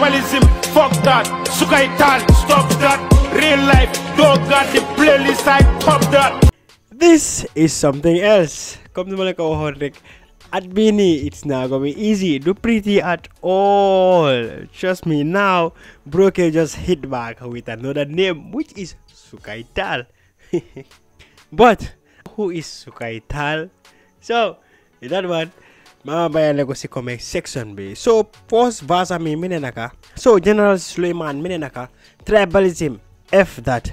tribalism, fuck that. Suka stop that. Real life, dog got the playlist, I top that. This is something else. Come to Malaka Hornik. At Bini, it's not gonna be easy. Do pretty at all. Trust me now, Broke just hit back with another name, which is Sukaital. but who is Sukaital? So, that one mabayale ko si me section b so post verse mi mine so general suleiman mine naka tribalism f that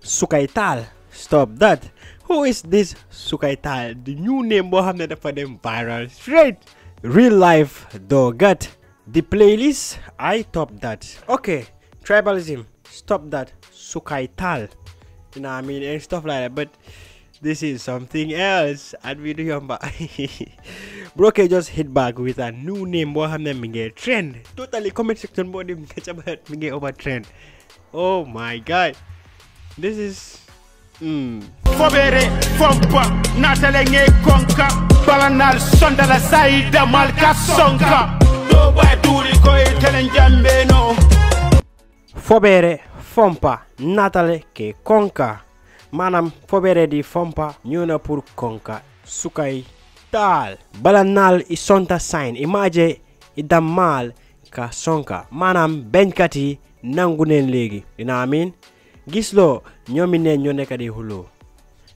sukaital stop that who is this sukaital the new name boo xam ne dafa viral straight real life dogat the playlist i top that okay tribalism stop that sukaital you know what i mean and stuff like that but this is something else and we do remember Broke just hit back with a new name boo xam ne trend totally comment section boo dem nga cabaat over trend oh my god this is hmm. fobere fompa natale nge konka balanal sondala saida malka sonka do duri ko itelen no fobere fompa natale ke konka manam fobere di fompa ñuna pour konka sukay tal bala naal i sonta sign imaaje i dammaal ka sonka maanaam beñkat yi nangu neen léegi dina amin gis loo ñoomi neen ñoo nekk di huloo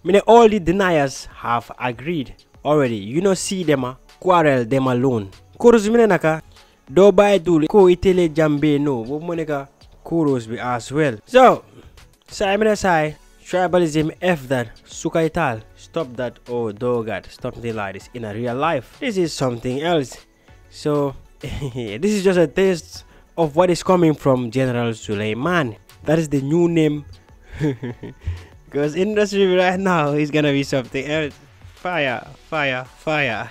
mi ne all the deniers have agreed already you know see dema quarrel them alone chorus mi ne naka doo bàyyi dul ko itele jambe no boobu mu nekk chorus bi as well so saay mi ne saay Tribalism F that, sukaital, stop that or oh, dogat, something like this in a real life. This is something else. So this is just a taste of what is coming from General Suleiman. That is the new name. because industry right now is gonna be something else. Fire, fire, fire.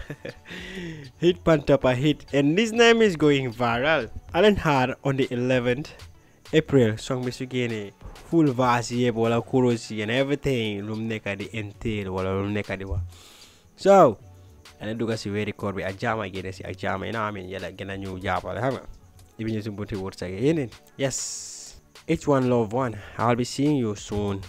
hit Pantapa hit. And this name is going viral. Alan Hart on the 11th April, Song Misugene full yep wala kurosi and everything lum neka di entail wala lum neka di wa so ana duga si weri korbe a jama gene si a jama ina new yala gena ñu jabal xam nga ibni sumbuti words again yes each one love one i'll be seeing you soon